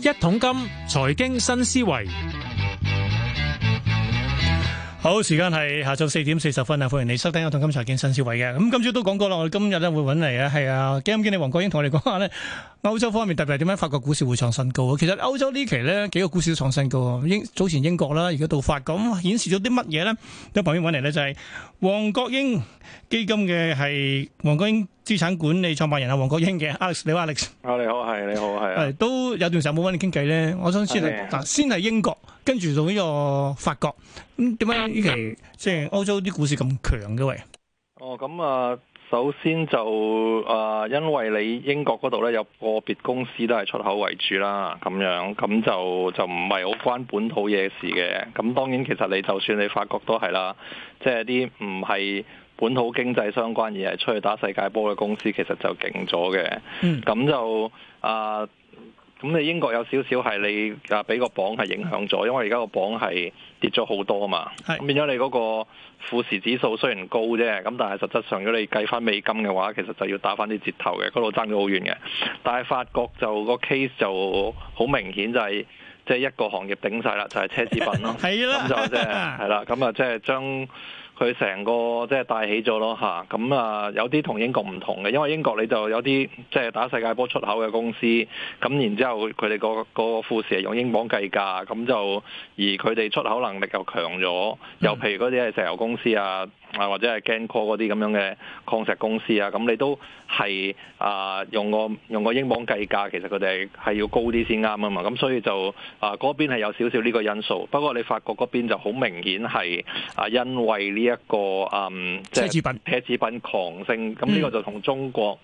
一桶金財經新思維，好時間係下晝四點四十分啊！歡迎你收聽一桶金財經新思維嘅咁，今朝都講過啦，我哋今日咧會搵嚟啊，係啊基金經理黃國英同我哋講話咧，歐洲方面特別係點樣法國股市會創新高啊？其實歐洲呢期咧幾個股市都創新高啊，英早前英國啦，而家到法咁顯示咗啲乜嘢咧？有朋友搵嚟咧就係黃國英基金嘅係黃國英。資產管理創辦人阿黃國英嘅 Alex，你好 Alex，啊你好係你好係，誒、啊、都有段時間冇揾你傾偈咧，我想先，嗱、啊、先係英國，跟住到呢個法國，咁點解呢期即係歐洲啲股市咁強嘅喂，哦，咁啊，首先就誒、呃，因為你英國嗰度咧有個別公司都係出口為主啦，咁樣咁就就唔係好關本土嘢事嘅。咁當然，其實你就算你法國都係啦，即係啲唔係。本土經濟相關而係出去打世界波嘅公司其實就勁咗嘅，咁、嗯、就啊，咁、呃、你英國有少少係你啊俾個榜係影響咗，因為而家個榜係跌咗好多啊嘛，咁變咗你嗰個富時指數雖然高啫，咁但係實質上如果你計翻美金嘅話，其實就要打翻啲折頭嘅，嗰度爭咗好遠嘅。但係法國就、個 case 就好明顯就係即係一個行業頂晒啦，就係、係、奢侈品咯，咁 對啦 就即係係啦，咁啊即係將。佢成個即係帶起咗咯吓，咁啊，啊有啲同英國唔同嘅，因為英國你就有啲即係打世界波出口嘅公司，咁、啊、然之後佢哋個個富時係用英鎊計價，咁、啊、就而佢哋出口能力又強咗，又譬如嗰啲係石油公司啊，啊或者係 Glencore 嗰啲咁樣嘅礦石公司啊，咁你都係啊用個用個英鎊計價，其實佢哋係要高啲先啱啊嘛，咁所以就啊嗰邊係有少少呢個因素，不過你法國嗰邊就好明顯係啊因為呢。一個嗯，奢侈品奢侈品狂升，咁呢個就同中國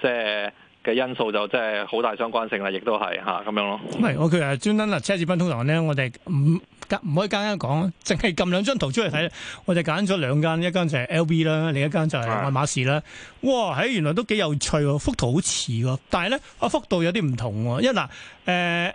即係嘅因素就即係好大相關性啦，亦都係吓咁樣咯。唔係、嗯，我佢啊專登啊奢侈品通常咧，我哋唔唔可以間間講，淨係撳兩張圖出嚟睇。嗯、我哋揀咗兩間，一間就係 LV 啦，另一間就係愛馬仕啦。的哇，喺原來都幾有趣喎，幅圖好似喎，但係咧一幅度有啲唔同。一嗱誒。呃呃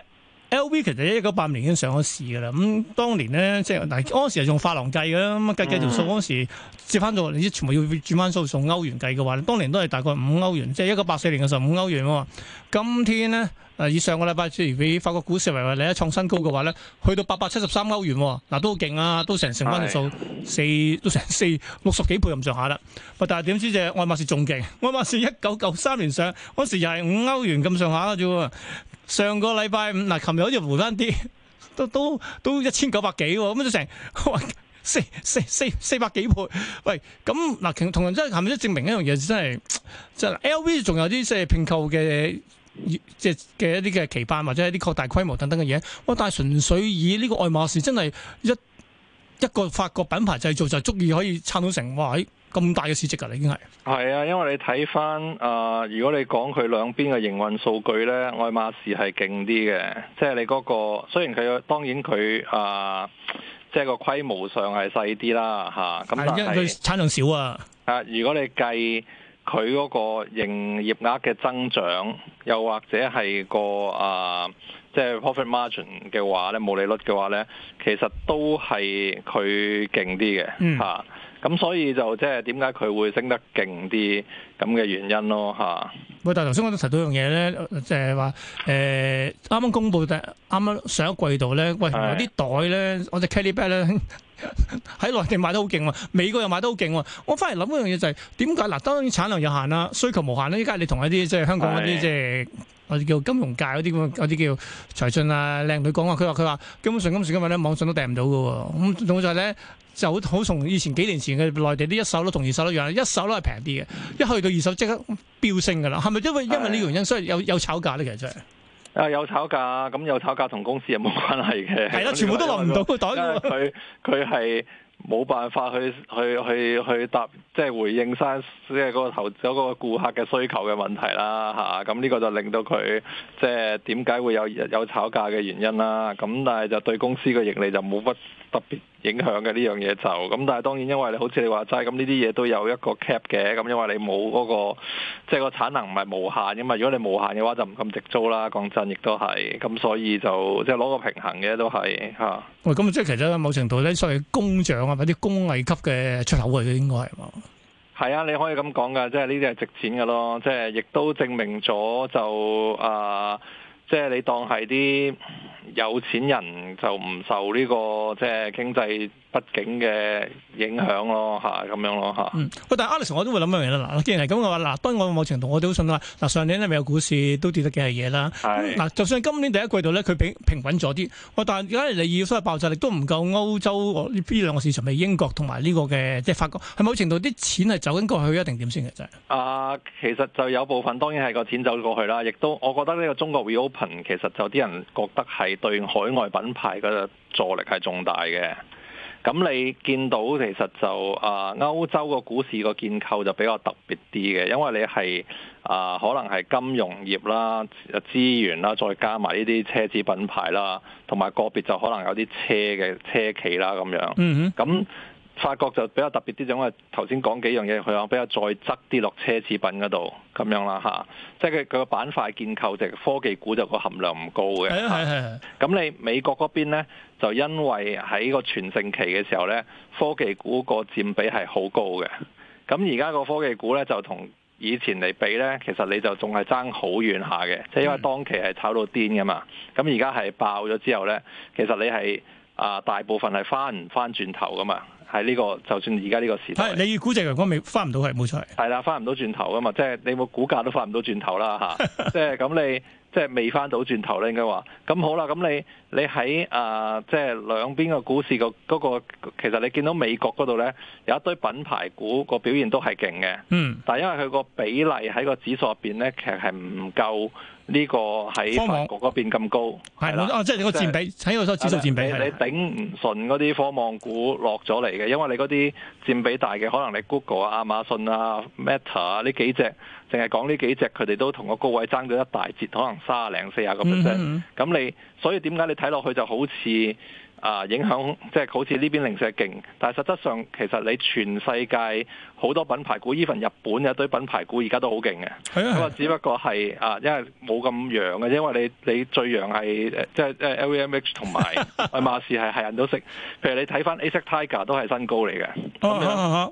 L V 其實一九八五年已經上咗市嘅啦，咁、嗯、當年咧即係嗱，嗰陣時係用法郎計嘅，咁計計條數嗰陣、嗯、時，接翻到你全部要轉翻數，用歐元計嘅話咧，當年都係大概五歐元，即係一九八四年嘅時候五歐元喎、哦。今天咧，誒以上個禮拜，譬如以法國股市為例，一創新高嘅話咧，去到八百七十三歐元、哦，嗱、啊、都好勁啊，都成成翻條數四，都成四六十幾倍咁上下啦。但係點知就愛馬仕仲勁，愛 馬仕一九九三年上嗰陣時又係五歐元咁上下嘅啫喎。上個禮拜五嗱，琴日好似回翻啲，都都都一千九百幾喎，咁就成四四四四百幾倍。喂，咁嗱同同真即係琴日都證明一樣嘢，真係即係 LV 仲有啲即係併購嘅，即係嘅一啲嘅期盼，或者係啲擴大規模等等嘅嘢。哇！但係純粹以呢個愛馬仕真係一一個法國品牌製造就是、足以可以撐到成哇！咁大嘅市值噶啦，已經係係啊，因為你睇翻啊，如果你講佢兩邊嘅營運數據咧，愛馬仕係勁啲嘅，即係你嗰、那個雖然佢當然佢、呃就是、啊，即係個規模上係細啲啦吓，咁但係佢產量少啊啊、呃！如果你計佢嗰個營業額嘅增長，又或者係個啊，即、呃、係、就是、profit margin 嘅話咧，毛利率嘅話咧，其實都係佢勁啲嘅吓。嗯咁所以就即係點解佢會升得勁啲咁嘅原因咯吓、就是呃，喂，但係頭先我都提到一樣嘢咧，即係話誒，啱啱公布定啱啱上一季度咧，喂啲袋咧，我隻 Kelly Bag 咧 喺內地賣得好勁喎，美國又賣得好勁喎。我翻嚟諗一樣嘢就係點解嗱？當然產量有限啦，需求無限咧。依家你同一啲即係香港嗰啲即係我哋叫金融界嗰啲咁啲叫財經啊靚女講話，佢話佢話基本上今時今日咧網上都訂唔到㗎喎。咁仲有就係咧。就好似以前幾年前嘅內地啲一手都同二手一樣，一手都係平啲嘅，一去到二手即刻飆升噶啦，係咪因為因為呢個原因，係啦，所以有有炒價咧？其實真係啊，有炒價，咁有炒價同公司有冇關係嘅，係啦，全部都落唔到個袋。佢佢係冇辦法去去去去答，即係回應翻即係嗰個投資嗰個顧客嘅需求嘅問題啦嚇。咁呢個就令到佢即係點解會有有炒價嘅原因啦。咁但係就對公司嘅盈利就冇乜。特別影響嘅呢樣嘢，就咁，但係當然因為你好似你話齋咁呢啲嘢都有一個 cap 嘅，咁因為你冇嗰、那個即係、就是、個產能唔係無限噶嘛，如果你無限嘅話就唔咁直租啦。講真，亦都係咁，所以就即係攞個平衡嘅都係吓。喂、嗯，咁即係其實某程度咧，所謂工匠啊，或者工藝級嘅出口啊，應該係嘛？係啊，你可以咁講噶，即係呢啲係值錢噶咯，即係亦都證明咗就啊、呃，即係你當係啲。有錢人就唔受呢、呢個即係、即係、經濟不景嘅影響咯，嚇咁樣咯，嚇。喂，但係 Alex，我都會諗一樣啦。嗱，既然係咁嘅話，嗱，當然我某程度我都信啦。嗱，上年咧咪有股市都跌得幾係嘢啦。嗱是、嗯，就算今年第一季度咧，佢平平穩咗啲，我但係而家你要所謂爆炸力，都唔夠歐洲呢 B 兩個市場，咪英國同埋呢個嘅即係法國，係某程度啲錢係走緊過去，一定點先嘅啫。啊、呃，其實就有部分當然係個錢走咗過去啦，亦都我覺得呢個中國 reopen 其實就啲人覺得係。對海外品牌嘅助力係重大嘅，咁你見到其實就啊、呃，歐洲個股市個建構就比較特別啲嘅，因為你係啊、呃，可能係金融業啦、資源啦，再加埋呢啲奢侈品牌啦，同埋個別就可能有啲車嘅車企啦咁樣。咁、mm。Hmm. 法國就比較特別啲，咁啊頭先講幾樣嘢佢話，比較再側啲落奢侈品嗰度咁樣啦嚇、啊。即係佢佢個板塊建構建就科技股就個含量唔高嘅。咁 你美國嗰邊呢，就因為喺個全盛期嘅時候呢，科技股個佔比係好高嘅。咁而家個科技股呢，就同以前嚟比呢，其實你就仲係爭好遠下嘅。即係因為當期係炒到癲㗎嘛。咁而家係爆咗之後呢，其實你係啊大部分係翻唔翻轉頭㗎嘛。係呢、呢個就算而家呢個時代，係你估值嚟講，未翻唔到去，冇錯。係啦，翻唔到轉頭㗎嘛，即係你冇股價都翻唔到轉頭啦吓、呃，即係咁你即係未翻到轉頭咧，應該話。咁好啦，咁你你喺啊即係兩邊個股市個嗰、嗰個，其實你見到美國嗰度咧有一堆品牌股個表現都係勁嘅。嗯。但因為佢個比例喺個指數入邊咧，其實係唔夠。呢個喺法國嗰邊咁高，係啦，啊啊、即係你個佔比喺個指數佔比，啊啊啊啊啊、你，你頂唔順嗰啲科網股落咗嚟嘅，因為你嗰啲佔比大嘅，可能你 Google 啊、亞馬遜啊、Meta 啊呢幾隻，淨係講呢幾隻，佢哋都同個高位爭咗一大截，可能三啊零四啊個 percent，咁你所以點解你睇落去就好似？啊！影響即係好似呢邊零舍勁，但係實質上其實你全世界好多品牌股，even 日本有一堆品牌股而家都好勁嘅。係啊，只不過係啊，因為冇咁揚嘅，因為你你最揚係即係誒 LVMH 同埋愛馬仕係係人都識。 譬如你睇翻 Asics Tiger 都係新高嚟嘅。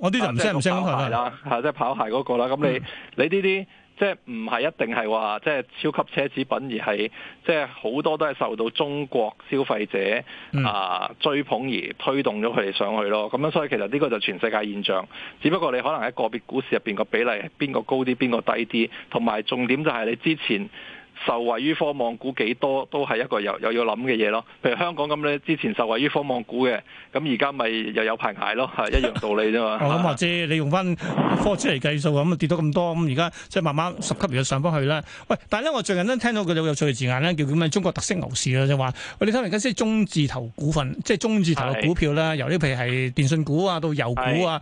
我啲人、啊、即係名牌啦，嚇即係跑鞋嗰、嗰個啦。咁 你你呢啲？即係唔係一定係話即係超級奢侈品，而係即係好多都係受到中國消費者啊、呃、追捧而推動咗佢哋上去咯。咁樣所以其實呢個就全世界現象，只不過你可能喺個別股市入邊個比例係邊個高啲，邊個低啲，同埋重點就係你之前。受惠於科網股幾多都係一個又又要諗嘅嘢咯，譬如香港咁咧，之前受惠於科網股嘅，咁而家咪又有排捱咯，係一樣道理啫嘛。我諗或者你用翻科指嚟計數咁啊，跌到咁多，咁而家即係慢慢十級而上翻去啦。喂，但係咧我最近都聽到佢有有趣嘅字眼咧，叫咁嘅中國特色牛市啊，就話你睇下而家先中字頭股份，即係中字頭嘅股票啦，的由啲譬如係電信股啊，到油股啊。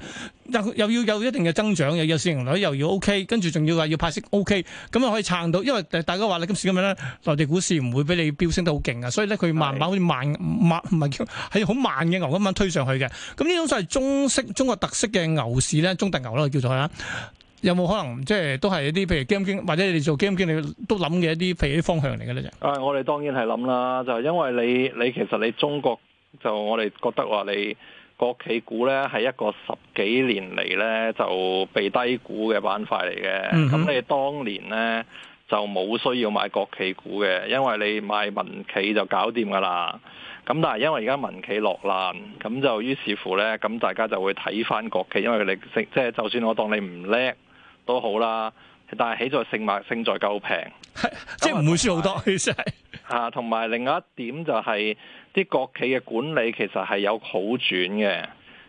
又要有一定嘅增長，又個市盈率又要 OK，跟住仲要話要派息 OK，咁啊可以撐到。因為大家話你今時今日咧，內地股市唔會俾你飆升得好勁啊，所以咧佢慢慢好似是的 慢慢唔係喺好慢嘅牛咁樣推上去嘅。咁呢種都係中式中國特色嘅牛市咧，中特牛啦，叫做啦。有冇可能即係都係一啲譬如基金經，或者你做基金經理都諗嘅一啲譬如啲方向嚟嘅咧？我哋當然係諗啦，就係、因為你你，你其實你中國就我哋覺得話你。國企股咧，係一個十幾年嚟咧就被低估嘅板塊嚟嘅，咁、嗯嗯、你當年咧就冇需要買國企股嘅，因為你買民企就搞掂噶啦。咁但係因為而家民企落難，咁就於是乎咧，咁大家就會睇翻國企，因為你即係就算我當你唔叻都好啦，但係起在勝物，勝在夠平，即係唔會輸好多，其實。啊，同埋另外一點就係、是、啲國企嘅管理其實係有好轉嘅，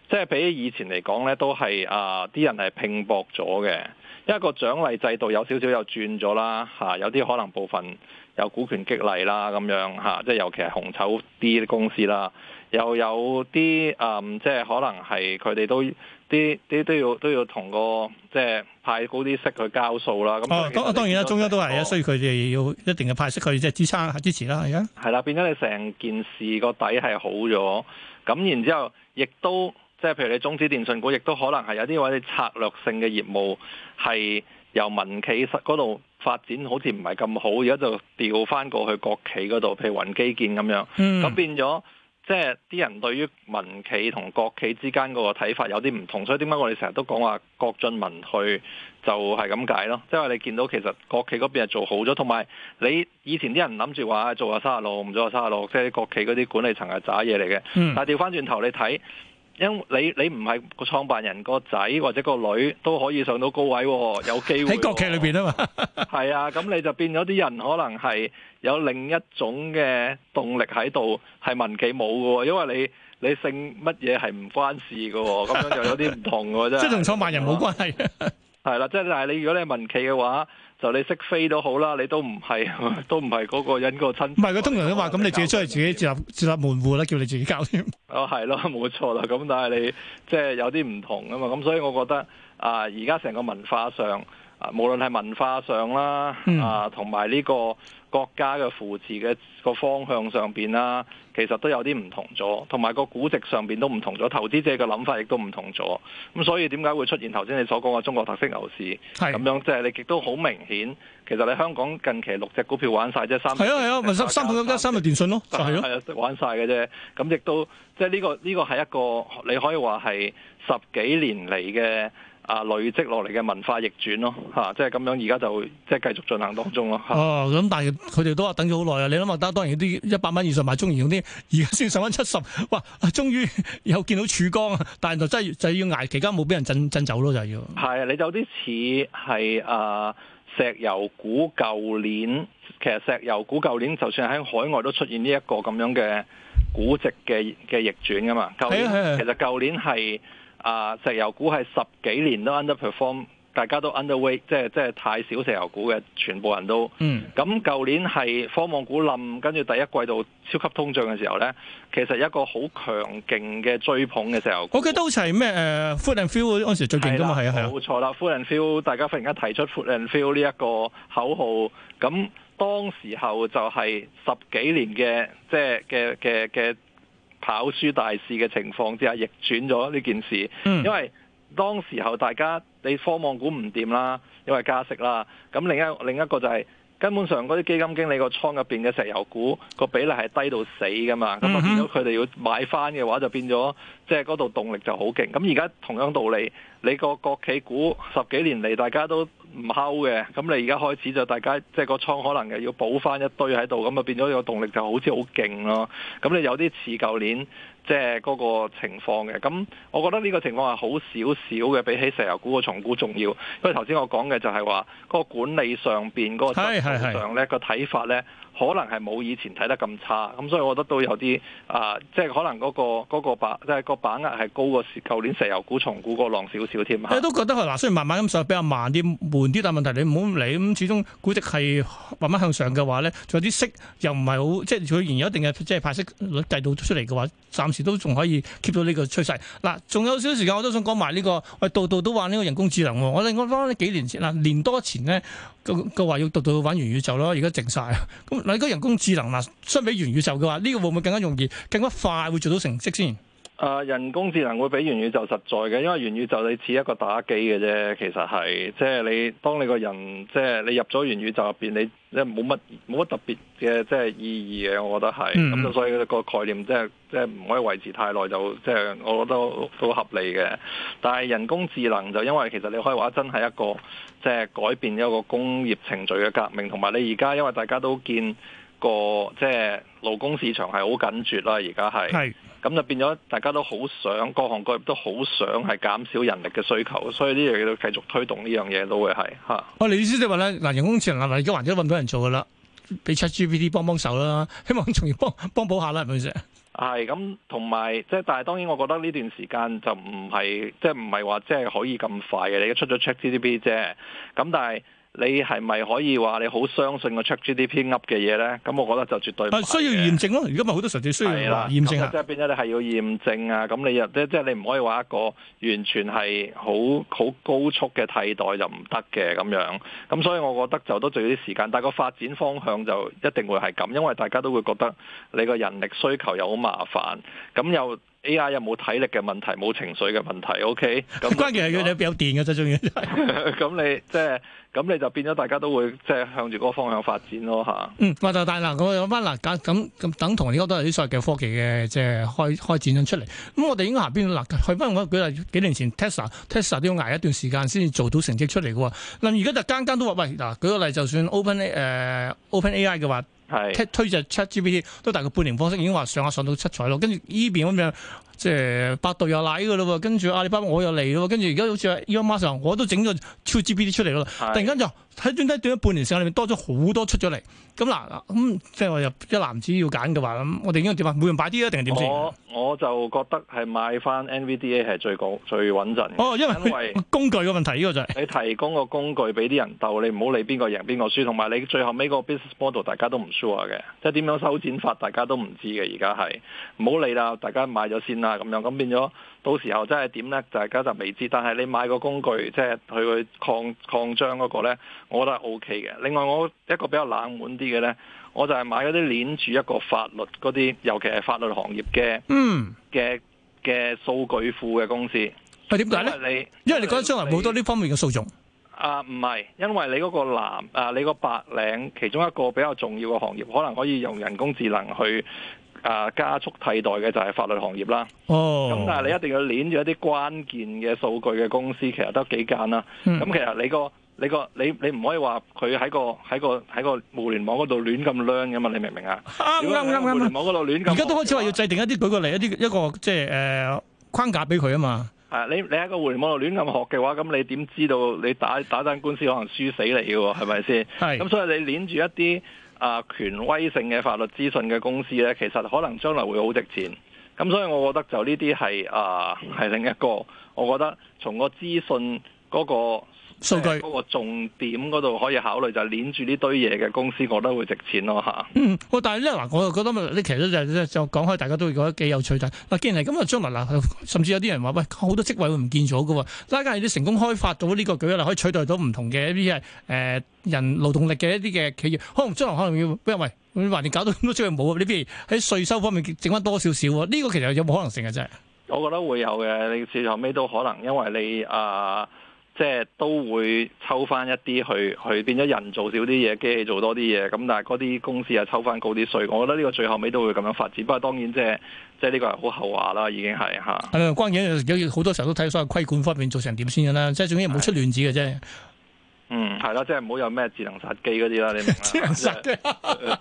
即係比起以前嚟講呢都係啊，啲、呃、人係拼搏咗嘅，一個獎勵制度有少少又轉咗啦吓，有啲可能部分有股權激勵啦咁樣吓，即、啊、係尤其係紅籌啲公司啦。又有啲誒、嗯，即係可能係佢哋都啲啲都要都要同個即係派高啲息去交數啦。咁當、哦、當然啦，中央都係啊，哦、所以佢哋要一定嘅派息，去即係支撐支持啦，係啊。係啦，變咗你成件事個底係好咗，咁然之後亦都即係譬如你中資電信股，亦都可能係有啲話啲策略性嘅業務係由民企實嗰度發展，好似唔係咁好，而家就調翻過去國企嗰度，譬如雲基建咁樣，咁、嗯、變咗。即係啲人對於民企同國企之間嗰個睇法有啲唔同，所以點解我哋成日都講話國進民退就係咁解咯。即係你見到其實國企嗰邊係做好咗，同埋你以前啲人諗住話做下三十六唔做下三十六，即係國企嗰啲管理層係渣嘢嚟嘅。但係調翻轉頭你睇。因你你唔係個創辦人個仔或者個女，都可以上到高位，有機會喺 國企裏邊啊嘛，係 啊，咁你就變咗啲人可能係有另一種嘅動力喺度，係民企冇嘅，因為你你姓乜嘢係唔關事嘅，咁 樣就有啲唔同嘅 真係即係同創辦人冇關係，係 啦，啊，即係但係你如果你係民企嘅話。就你識飛都好啦，你都唔係，都唔係嗰個人個親。唔係，佢通常都話：咁、啊、你自己出去，自己自立自立門戶啦，叫你自己搞掂。哦，係咯，冇錯啦。咁但係你即係、就是、有啲唔同啊嘛。咁所以我覺得啊，而家成個文化上。啊，無論係文化上啦，嗯、啊，同埋呢個國家嘅扶持嘅個方向上邊啦、啊，其實都有啲唔同咗，同埋個估值上邊都唔同咗，投資者嘅諗法亦都唔同咗。咁所以點解會出現頭先你所講嘅中國特色牛市？咁係樣，即係你亦都好明顯，其實你香港近期六隻股票玩晒啫，三日，係啊係啊，啊啊三，三九一三日電訊咯，就係、是、咯、啊，玩晒嘅啫。咁亦都即係呢個呢、呢個係、呢個、一個你可以話係十幾年嚟嘅。啊累積落嚟嘅文化逆轉咯，吓、啊、即係咁樣，而家就即係繼續進行當中咯。啊、哦，咁但係佢哋都話等咗好耐啊！你諗下，當當然啲一百蚊以上買中型嗰啲，而家先上返七十，哇！終於又見到曙光，但係就真係就要挨期間冇俾人震震走咯，就要。係、就是、啊，你就有啲似係啊石油股舊年，舊年其實石油股舊年就算喺海外都出現呢一個咁樣嘅估值嘅嘅逆轉噶嘛？舊年、啊啊啊、其實舊年係。啊！石油股係十幾年都 underperform，大家都 underweight，即係即係太少石油股嘅，全部人都嗯。咁舊年係科網股冧，跟住第一季度超級通脹嘅時候咧，其實一個好強勁嘅追捧嘅時候。我記得好似係咩誒？Food and fuel 嗰陣時最勁㗎嘛，係啊係啊。冇的的錯啦，Food and fuel，大家忽然間提出 Food and fuel 呢一個口號，咁當時候就係十幾年嘅即係嘅嘅嘅。跑輸大市嘅情況之下逆轉咗呢件事，因為當時候大家你科網股唔掂啦，因為加息啦，咁另一另一個就係根本上嗰啲基金經理個倉入邊嘅石油股個比例係低到死㗎嘛，咁變咗佢哋要買返嘅話就變咗即係嗰度動力就好勁，咁而家同樣道理，你個國企股十幾年嚟大家都。唔敲嘅，咁你而家開始就大家即係、就是、個倉，可能又要補翻一堆喺度，咁就變咗個動力就好似好勁咯。咁你有啲似舊年。即係嗰個情況嘅，咁我覺得呢個情況係好少少嘅，比起石油股個重估重要。因為頭先我講嘅就係話，嗰、那個管理上邊嗰個執行上咧個睇法咧，可能係冇以前睇得咁差。咁所以我覺得都有啲啊，即、呃、係、就是、可能嗰、那個嗰、那個把即係個把握係高過舊年石油股重估個浪少少添。我都覺得係嗱，雖然慢慢咁上比較慢啲，悶啲，但係問題你唔好理咁，始終估值係慢慢向上嘅話咧，仲有啲息又唔係好，即係雖然有一定嘅即係派息率制度出嚟嘅話，暫時。都仲可以 keep 到呢個趨勢嗱，仲有少少時間，我都想講埋呢個，喂、哎，度度都玩個、哦啊、呢個,個,度度度玩、哦、個人工智能。我哋我翻翻幾年前啦，年多前咧個個話要度度玩元宇宙咯，而家靜曬咁嗱。而家人工智能嗱，相比元宇宙嘅話，呢、呢個會唔會更加容易、更加快會做到成績先？啊！人工智能會比元宇宙實在嘅，因為元宇宙你似一個打機嘅啫，其實係，即係你當你個人，即係你入咗元宇宙入邊，你即係冇乜冇乜特別嘅，即係意義嘅，我覺得係，咁就、嗯、所以個概念即係即係唔可以維持太耐，就即係、就是、我覺得都合理嘅。但係人工智能就因為其實你可以話真係一個即係、就是、改變一個工業程序嘅革命，同埋你而家因為大家都見。個即係勞工市場係好緊絀啦，而家係，咁是就變咗大家都好想，各行各業都好想係減少人力嘅需求，所以呢樣嘢都繼續推動呢樣嘢都會係吓。我意思即係就話咧，嗱，人工智能啊，嗱，而家還都搵唔到人做噶啦，俾 check GPT 幫幫手啦，希望仲要幫幫補下啦，係咪先？係咁，同埋即係，但係當然，我覺得呢段時間就唔係即係唔係話即係可以咁快嘅，你而家出咗 check GPT 啫，咁但係。你係咪可以話你好相信個 ChatGPT 噏嘅嘢咧？咁我覺得就絕對唔需要驗證咯。如果咪好多實際需要驗證啊！即係變咗你係要驗證啊？咁你又即即係你唔可以話一個完全係好好高速嘅替代就唔得嘅咁樣。咁所以我覺得就都需要啲時間。但係個發展方向就一定會係咁，因為大家都會覺得你個人力需求又好麻煩，咁又。A.I. 有冇體力嘅問題，冇情緒嘅問題，O.K. 關鍵係佢哋有電嘅啫，終於咁你即係咁你就變咗，大家都會即係向住嗰個方向發展咯，吓。嗯，咪就大嗱，我諗翻嗱，咁咁等同呢個都係啲所謂嘅科技嘅即係開開展咗出嚟。咁我哋應該行邊嗱？去翻我舉例，幾年前 Tesla Tesla 都要挨一段時間先至做到成績出嚟嘅。嗱，而家就間間都話喂，嗱，舉個例，就算 Open 誒、呃、Open A.I. 嘅話。係是推就七 GPT 都大概半年方式，已經話上下上到七彩咯，跟住依邊咁樣。即係百度又嚟噶啦，跟住阿里巴巴我又嚟咯，跟住而家好似話，依家馬上我都整咗超 GPT 出嚟咯。是突然間就喺短短半年時間，裏面多咗好多出咗嚟。咁嗱咁，即係我又一籃子要揀嘅話，咁我哋應該點啊？每人擺啲啊，定係點先？我就覺得係買翻 NVDA 係最高最穩陣。哦，因為,因為工具嘅問題呢、呢個就係、是、你提供個工具俾啲人鬥，你唔好理邊個贏邊個輸。同埋你最後尾個 business model 大家都唔 sure 嘅，即係點樣收錢法大家都唔知嘅。而家係唔好理啦，大家買咗先啦。啊，咁樣咁變咗，到時候真係點咧，大家就未知。但係你買個工具，即係去去擴擴張嗰個咧，我覺得 O K 嘅。另外，我一個比較冷門啲嘅咧，我就係買嗰啲鏈住一個法律嗰啲，尤其係法律行業嘅，嗯嘅嘅數據庫嘅公司。係點解咧？你因為你覺得將來好多呢方面嘅訴訟啊？唔係、呃，因為你嗰個藍啊、呃，你個白領其中一個比較重要嘅行業，可能可以用人工智能去。去啊！加速替代嘅就係法律行業啦。哦。咁但係你一定要捻住一啲關鍵嘅數據嘅公司，其實得幾間啦。咁、嗯、其實你個你個你你唔可以話佢喺個喺個喺個個互聯網嗰度亂咁學嘅嘛？你明唔明啊？啱啱啱啱。互聯網度亂咁，而家、啊、都開始話要制定一啲，舉個例一啲一個即係誒框架俾佢啊嘛。係你你喺個互聯網度亂咁學嘅話，咁你點知道你打打單官司可能輸死你嘅係咪先？係。咁、 嗯、所以你捻住一啲。啊，權威性嘅法律資訊嘅公司咧，其實可能將來會好值錢，咁所以我覺得就呢啲係啊係另一個，我覺得從個資訊嗰個數據嗰個重點嗰度可以考慮就係拎住呢堆嘢嘅公司，我覺得會值錢咯吓。嗯，但係咧嗱，我又覺得其實就就講開，大家都會覺得幾有趣但嗱，既然係咁啊，將來嗱，甚至有啲人話喂，好多職位會唔見咗嘅。嗱，假如你成功開發到呢個嘅例，可以取代到唔同嘅一啲係誒人勞動力嘅一啲嘅企業，可能將來可能要，喂，橫掂搞到咁多職位冇啊，你不如喺稅收方面整翻多少少啊？呢個其實有冇可能性嘅啫？真係我覺得會有嘅，你至後尾都可能，因為你啊。呃即係都會抽翻一啲去去，變咗人做少啲嘢，機器做多啲嘢。咁但係嗰啲公司又抽翻高啲稅。我覺得呢個最後尾都會咁樣發展。不過當然即係即係呢個係好後話啦，已經係嚇。係啊，關鍵有好多時候都睇所謂規管方面做成點先嘅啦。即係總之唔好出亂子嘅啫。的嗯，係咯，即係唔好有咩智能殺機嗰啲啦，你明唔明？ 智能殺機、 即係。呃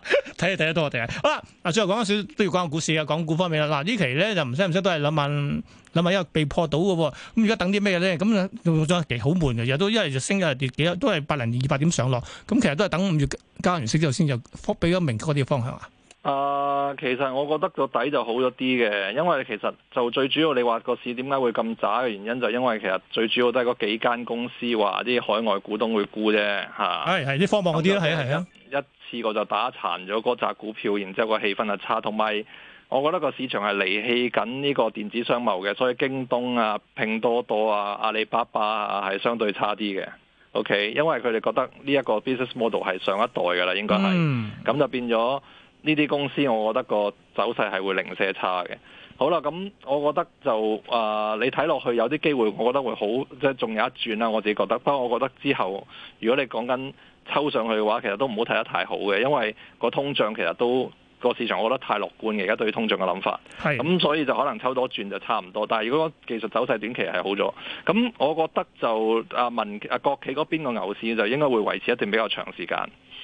睇得多我哋啊，好啦，最後講少都要講下股市啊，講股方面啦。嗱、啊，期呢期咧就唔使唔使都係兩萬兩萬一被破到嘅，咁而家等啲咩咧？咁做咗期好悶嘅，日都一日就升一日跌，幾多都係百零二百點上落。咁、嗯、其實都係等五月加完息之後先就俾咗明確啲方向啊。啊，uh, 其實我覺得個底就好咗啲嘅，因為其實就最主要你話個市點解會咁渣嘅原因，就因為其實最主要都係個幾間公司話啲海外股東會沽啫，嚇。係係啲科網嗰啲啦，係係啊。一次過就打殘咗嗰扎股票，然之後個氣氛就差，同埋我覺得個市場係離棄緊呢個電子商務嘅，所以京東啊、拼多多啊、阿里巴巴啊係相對差啲嘅。OK，因為佢哋覺得呢一個 business model 係上一代嘅啦，應該係。嗯。咁就變咗。呢啲公司，我覺得個走勢係會零舍差嘅。好啦，咁我覺得就啊、呃，你睇落去有啲機會，我覺得會好即係仲有一轉啦。我自己覺得，不過我覺得之後如果你講緊抽上去嘅話，其實都唔好睇得太好嘅，因為個通脹其實都。個市場我覺得太樂觀嘅，而家對於通脹嘅諗法，咁是所以就可能抽多轉就差唔多。但係如果技術走勢短期係好咗，咁我覺得就啊民啊國企嗰邊個牛市就應該會維持一段比較長時間。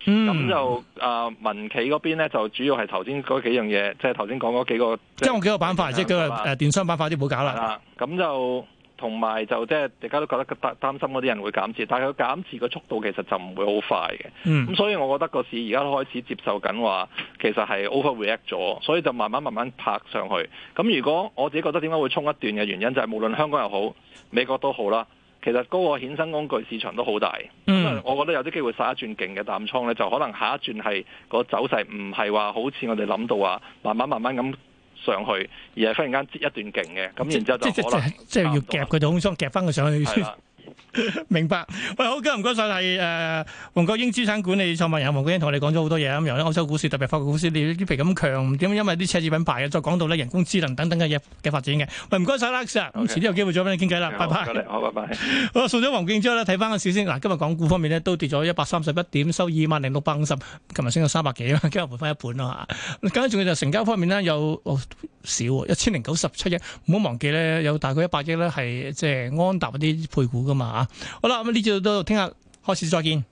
咁、嗯、就啊、呃、民企嗰邊咧就主要係頭先嗰幾樣嘢，即係頭先講嗰幾個，嗯、即係我幾個板塊，吧即係嗰個誒電商板塊啲唔好搞啦。咁就。同埋就即係大家都覺得擔心嗰啲人會減持，但係佢減持嘅速度其實就唔會好快嘅。咁、mm. 嗯、所以我覺得個市而家都開始接受緊話，其實係 overreact 咗，所以就慢慢慢慢拍上去。咁如果我自己覺得點解會衝一段嘅原因、就是，就係無論香港又好，美國都好啦，其實嗰個衍生工具市場都好大。Mm. 嗯、我覺得有啲機會殺一轉勁嘅淡倉呢就可能下一轉係、個走勢唔係話好似我哋諗到話，慢慢慢慢咁。上去，而係忽然間截一段勁嘅，咁即然之後就可能。即係、就是、要夾佢哋空倉，想夾翻佢上去。 明白，喂好，今日唔該晒係誒黃國英資產管理創辦人黃國英同我哋講咗好多嘢，咁由咧歐洲股市，特別法國股市，你啲皮咁強，點解？因為啲奢侈品牌再講到人工智能等等嘅嘢嘅發展嘅，喂唔該晒 Alex，咁遲啲有機會再搵你傾偈啦，拜拜 okay, bye，好拜拜，送咗黃敬之後咧，睇翻個市先，嗱、啊、今日港股方面咧都跌咗一百三十一點，收二萬零六百五十，琴日升咗三百幾今日回翻一半咯吓，加仲要就成交方面咧有少一千零九十七億，唔、哦、好、啊、忘記咧有大概一百億咧係即係安踏嗰啲配股噶嘛。啊，好啦，咁呢節到到，聽日開始再見。謝謝大家。